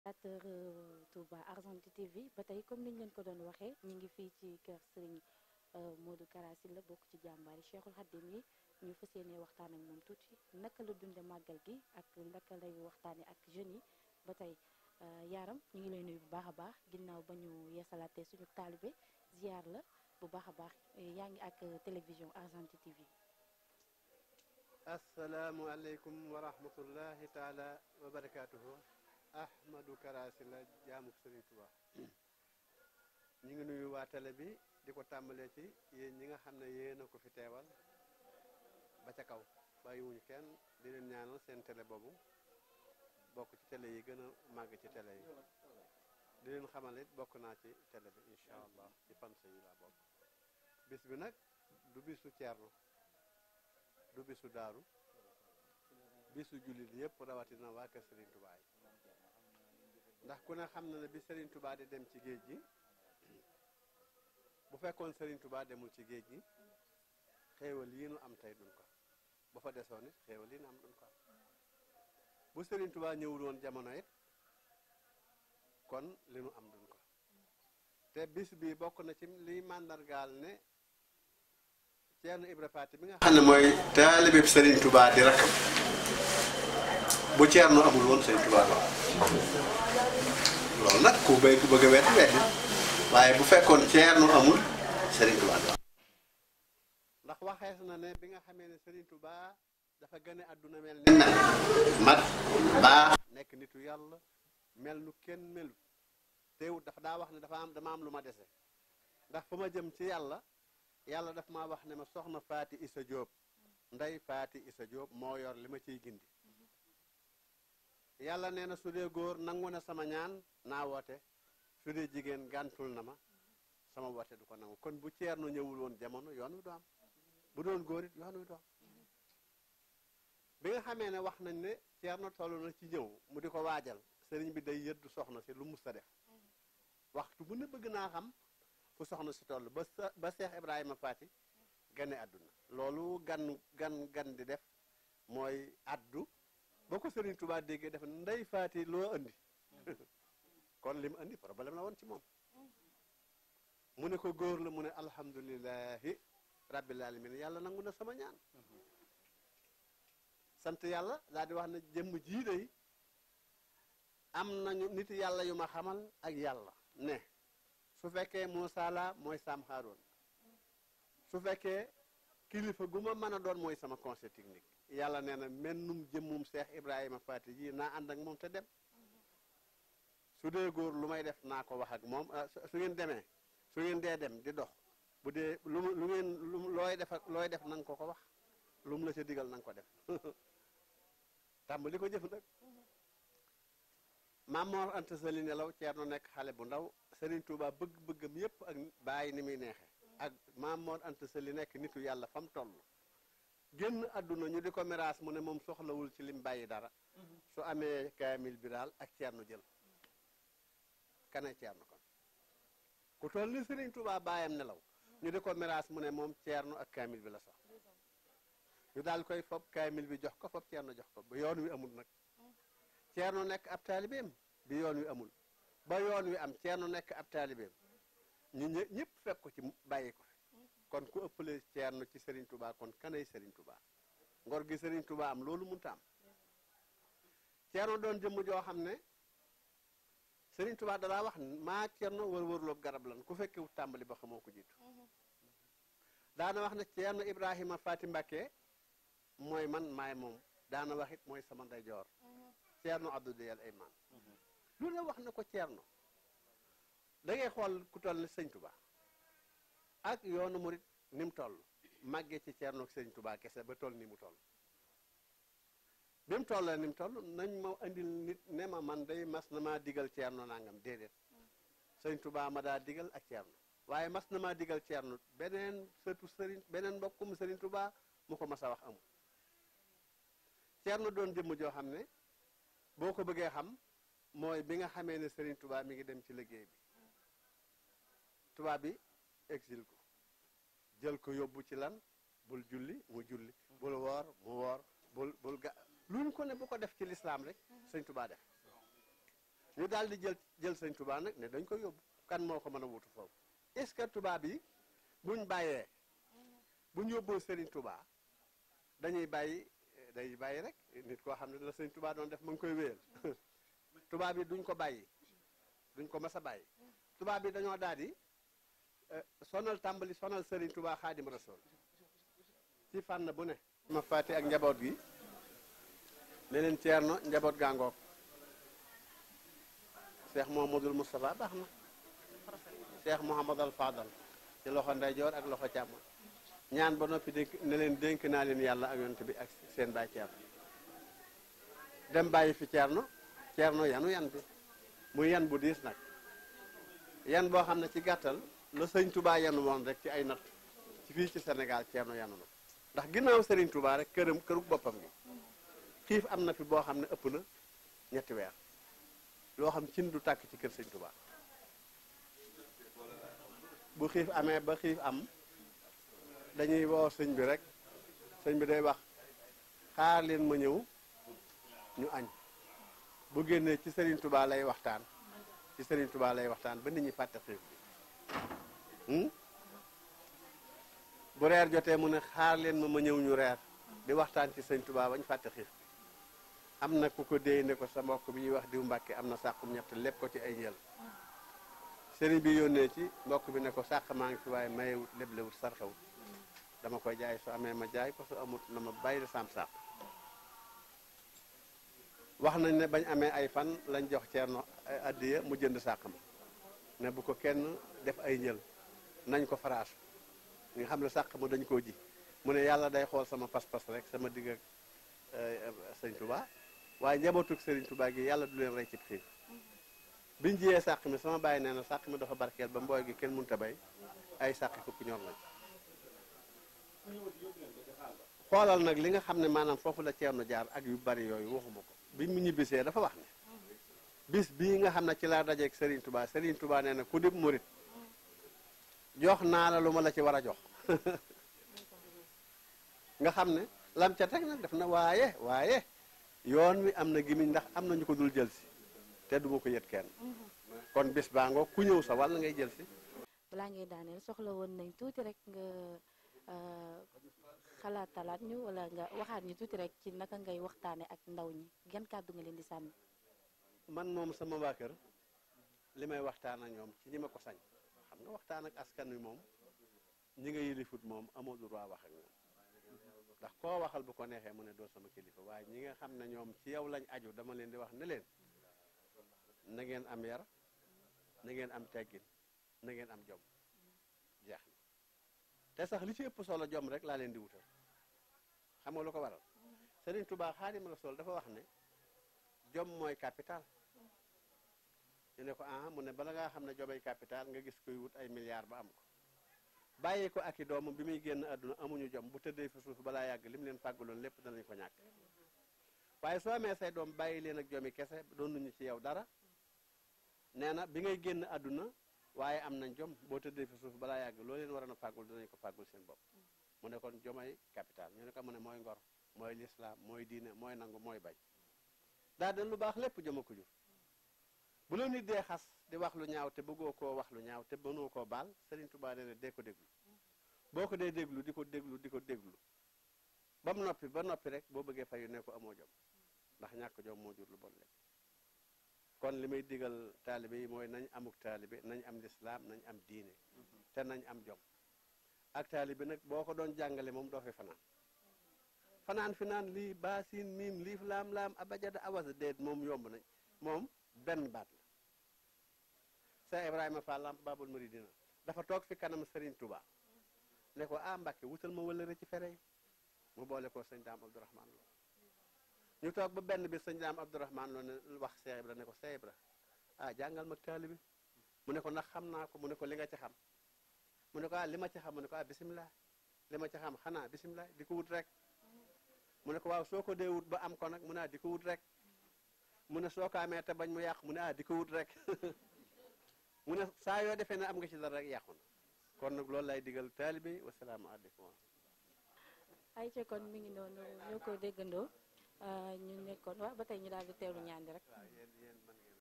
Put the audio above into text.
spectateur euh, Touba Argentine TV ba tey comme niñ leen ko doon waxee ñu ngi fii ci kër Serigne euh, Modou Kara la bokk ci jàmbaari Cheikhul Khadim yi ñu fas yéene waxtaan ak moom tuuti naka lu dunde màggal gi ak naka lay waxtaane ak jeunes yi ba tey euh, yaaram ñu ngi lay nuyu bu baax a baax ginnaaw ba ñu yesalaate suñu taalibe ziar la bu baax a baax yaa ngi ak télévision Argentine TV. asalaamualeykum wa rahmatullahi taala wa barakaatuhu. Ahmadou Kara la jaamu Serigne Touba ñu ngi nuyu waa tele bi di ko tàmbalee ci yéen ñi nga xam ne yéen ko fi teewal ba ca kaw bàyyiwuñu kenn di leen ñaanal seen tele boobu bokk ci tele yi gën a màgg ci tele yi di leen xamal bokk naa ci télé bi incha allah ci fans yi laa bokk bis bi nag du bisu ceerlu du bisu daaru bisu jullit yëpp rawatina waa kër Serigne Touba yi ndax ku ne xam na ne bi Serigne Touba di dem ci géej gi bu fekkoon Serigne Touba demul ci géej gi xéewal yi nu am tey duñ ko ba fa desoon it xéewal yi nu am duñ ko bu Serigne Touba ñëwul woon jamono it kon li nu am duñ ko te bis bi bokk na ci liy màndargaal ne Ceerno Ibra Faati mi nga xam ne mooy taalibe Sëriñ Tuubaa di rakkam bu Ceerno amul woon Sëriñ Tuubaa loolu nag ku bëgg bëgg a wet wet waaye bu fekkoon Ceerno amul Sëriñ Tuubaa doon na ne bi nga xamee ne Sëriñ Tuubaa dafa gën a àdduna mel ne mag baa nekk nitu yàlla mel nu kenn melu teewut dafa daa wax ne dafa am am lu ma dese ndax fu ma jëm ci yàlla yàlla daf maa wax ne ma soxna faati isa jóob ndey faati isa jóob moo yor li ma ciy gindi yàlla nee na su dee góor nangu na sama ñaan naa woote su dee jigéen gàntul na ma sama wote du ko nangu kon bu ceer ceerno ñëwul woon jamono yoon wi du am bu doon góor it yoon wi du am bi nga xamee ne wax nañ ne na toll na ci ñëw mu di ko waajal sëriñ bi day yëddu soxna si lu mu a def waxtu bu ne bëgg naa xam fu soxna si toll ba sa ba Seex Faati gane àdduna loolu gan gan gan di def mooy addu boo ko Sëriñ Tuubaa déggee def ndey faati loo andi kon li mu andi la woon ci moom mu ne ko góor la mu ne alhamdulilahi rabbil alamin yàlla nangu na sama ñaan sant yàlla daal wax na jëmm jii day am nañu nit yàlla yu ma xamal ak yàlla ne su fekkee Moussa la mooy Sam Haroun su fekkee kilifa gu ma mën a doon mooy sama conseil technique yàlla nee na mennum jëmmum Cheikh Ibrahima Fati ji naa ànd ak moom te dem su dee góor lu may def naa ko wax ak moom ah, su ngeen demee su ngeen dee dem di dox bu dee lu lu lu looy def looy def na ko ko wax lu mu la ca digal na ko def li ko jëf nag mm-hmm. Maam Mor Anta Sali nelaw Ceerno nekk xale bu ndaw Serigne Touba bëgg-bëggam yépp ak bàyyi ni muy neexe ak maam Mor Anta Sali nekk nitu yàlla fa mu toll génn àdduna ñu di ko miraas mu ne moom soxlawul ci lim bàyyi dara mm-hmm. su amee kaamil bi daal ak ceernu jël kana ceernu kon ku toll ni Serigne Touba nelaw ñu di ko mu ne moom ceernu ak kaamil bi la sax ñu daal koy fob kaamil bi jox ko fob ceernu jox ko ba yoon wi amul nag ceernu mm-hmm. nekk ab taalibeem bi yoon wi amul ba yoon wi am ceerno nekk ab taalibeem ñu ñëpp fekk ko ci bàyyi ko fi kon ku ëppale ceerno ci sëriñ Touba kon kanay sëriñ Touba ngor gi sëriñ Touba am loolu mënta am ceerno doon jëmm joo xam ne sëriñ Touba dalaa wax maa ceerno wër-wërloo garab lan ku fekkee tàmbali ba xamoo ko jiitu mhm. daana wax ne ceerno Ibrahima Faati Mbàkke mooy man maay moom daana wax mooy sama ndeyjoor mhm. ceerno Abdou ay Ayman lu ne wax na ko ceerno dangay xool ku toll ni sëñ Tuba ak yoonu murit ni mu toll ci ceerno ak sëñ Tuba kese ba toll ni mu toll bi mu toll ni mu toll nañ ma andil nit ne ma man day mas na maa digal ceerno nangam déedéet sëñ Tuba ma daa digal ak ceerno waaye mas na maa digal ceerno beneen sëtu sëriñ beneen mbokkum sëriñ Tuba mu ko mas a wax amul ceerno doon jëmm joo xam ne boo ko bëggee xam mooy bi nga xamee ne sëriñ Touba mi ngi dem ci liggéey bi tubaab bi exil ko jël ko yóbbu ci lan bul julli mu julli bul woor mu woor bul bul ga luñ ko ne bu ko def ci lislaam rek Serigne Touba def ñu daal di jël jël Serigne Touba nag ne dañ ko yóbbu kan moo ko mën a wutu foofu est-ce que Touba bi buñ bàyyee buñ yóbboo sëriñ tubaa dañuy bàyyi dañuy bàyyi rek nit koo xam ne la Serigne Touba doon def ma ngi koy wéyal tubaab yi duñ ko bàyyi duñ ko mas a bàyyi tubaab yi dañoo daal di euh, sonal tàmbali sonal sëriñ Touba Xaadim Rasool ci fànn bu ne. ma fàtte ak njaboot gi ne leen Ceerno njaboot gàngoog Cheikh Mouhamadul Moustapha baax na Cheikh Mouhamadul Fadal ci loxo ndeyjoor ak loxo càmm ñaan ba noppi dénk ne leen dénk naa leen yàlla ak yonent bi ak seen baay Ceerno dem bàyyi fi Ceerno. Ceerno yanu yan bi mu yan bu diis nag yan boo xam ne ci gàttal la sëñ tubaa yanu woon rek ci ay natt fii ci Sénégal Ceerno yanu na ndax ginnaaw sëriñ tubaa rek këram këru boppam gi xiif am na fi boo xam ne ëpp na ñetti weer loo xam cin du tàkk ci kër sëñ Touba bu xiif amee ba xiif am dañuy woo sëñ bi rek sëñ bi day wax xaar leen ma ñëw ñu añ bu génnee ci sëriñ Touba lay waxtaan ci sëriñ Touba lay waxtaan ba nit ñi fàtte xiif bi hmm? bu reer jotee mu ne xaar leen ma ma ñëw ñu reer di waxtaan ci Serigne Touba bañ fàtte xiif bi am na ku ko déy ne ko sa mbokk bi ñuy wax diw Mbàkke am na sàqum ñett lépp ko ci ay njël sëriñ bi yónnee ci mbokk bi ne ko sàq maa ngi fi waaye mayewut léblewut sarxewut dama koy jaay su amee ma jaay ko su amut na ma bàyyi la saam wax nañ ne bañ amee ay fan lañ jox ceerno eh, addiya mu jënd sàq ma ne bu ko kenn def ay njël nañ ko faraas nga xam ne sàq ma dañ koo ji mu ne yàlla day xool sama pas-pas rek sama digg ak eh, sëñ Touba waaye njabootug sëriñ Touba gi yàlla du leen rey ci xiif biñ jiyee sàq mi sama bàyyi nee na sàq mi dafa barkeel ba mbooy gi kenn mënut a bay ay sàq fukki ñor lañ xoolal nag li nga xam ne maanaam foofu la Ceerno jaar ak yu bari yooyu waxuma ko bi mu ñibbisee dafa wax ne bis bii nga xam ne ci laa dajeeg sëriñ tubaa Serigne Touba nee na ku dib murit jox naa la lu ma la ci war a jox nga xam ne lam ca teg nag def na waaye waaye yoon wi am na gimiñ ndax am na ko dul jël si te duma ko yët kenn kon bis baa ngoo ku ñëw sa wàll ngay jël si balaa ngay daaneel soxla woon nañ tuuti rek euh, xalaatalaat ñu wala nga waxaat ñu tuuti rek ci naka ngay waxtaane ak ndaw ñi yan kàddu nga leen di sànni. man moom sama waa kër li may waxtaan ak ñoom ci li ma ko sañ xam nga waxtaan ak askan wi moom ñi nga yilifut moom amoo droit wax ak ñoom ndax koo waxal bu ko neexee mu ne doo sama kilifa waaye ñi nga xam ne ñoom ci yow lañ aju dama leen di wax ne leen na ngeen am yar na ngeen am teggin na ngeen am jom. te sax li ci ëpp solo jom rek laa leen di wutal xam nga lu ko waral Serigne Touba Xaadimu sol dafa wax ne jom mooy capital ñu ne ko ah mu ne bala ngaa xam ne jomay capital nga gis koy wut ay milliards ba am ko bàyyi ko ak i doomam bi muy génn àdduna amuñu jom bu tëddee fi suuf balaa yàgg lim leen fàgguloon lépp danañ ko ñàkk waaye soo amee say doom bàyyi leen ak jomi kese doon nuñu ci yow dara nee na bi ngay génn àdduna waaye am nañ jom boo tëddee fi suuf balaa yàgg loo leen waroon a fàggul dinañ ko fàggul seen bopp mu ne kon jomay capital ñu ne ko mu ne mooy ngor mooy lislaam mooy diine mooy nangu mooy bañ daa dañ lu baax lépp joma ko jur bu di wax lu ñaaw te bëggoo koo wax lu ñaaw te mënoo koo baal Sëriñ Tuubaa nee na dee ko déglu boo ko dee déglu di ko déglu di ko déglu ba mu noppi ba noppi rek boo bëggee fay ne ko amoo jom ndax ñàkk jom moo jur lu bon lekk kon li may digal taalibe yi mooy nañ amuk taalibe nañ am lislaam nañ am diine mhm. te nañ am jom ak taalibe nag boo ko doon jàngale moom doo fi fanaan fanaan fi naan lii baasin miim liif laam laam abajada awasa déet moom yomb nañ moom benn baat la Seex Ibrahima Fall Lamp Baabul Muridiina dafa toog fi kanam sëriñ Touba ne ko ah Mbàkke wutal ma wëlëre ci fere mu boole ko sëñ Daam Abdourahman ñu toog ba benn bi sëñ daam Abdourahman loolu wax Cheikh Ibra ne ko Cheikh a ah jàngal mag taalibi mu ne ko nax xam naa ko mu ne ko li nga ci xam mu ne ko ah li ma ci xam mu ah, bisimilah li ma ci xam xanaa bisimilah di ko wut rek mu ne ko waaw soo ko dee ba am ko nag mu ne ah, di ko wut rek mu ne soo ko bañ mu yàq mu ne ah di ko wut rek mu ne saa yoo defee ne am nga ci dara rek yàqu kon nag loolu lay digal taalibi wasalaamualeykum. ayca kon mi ngi noonu ñoo ko déggandoo. Euh, ñu nekkoon wax ba tey ñu daal di teewlu ñaan rek.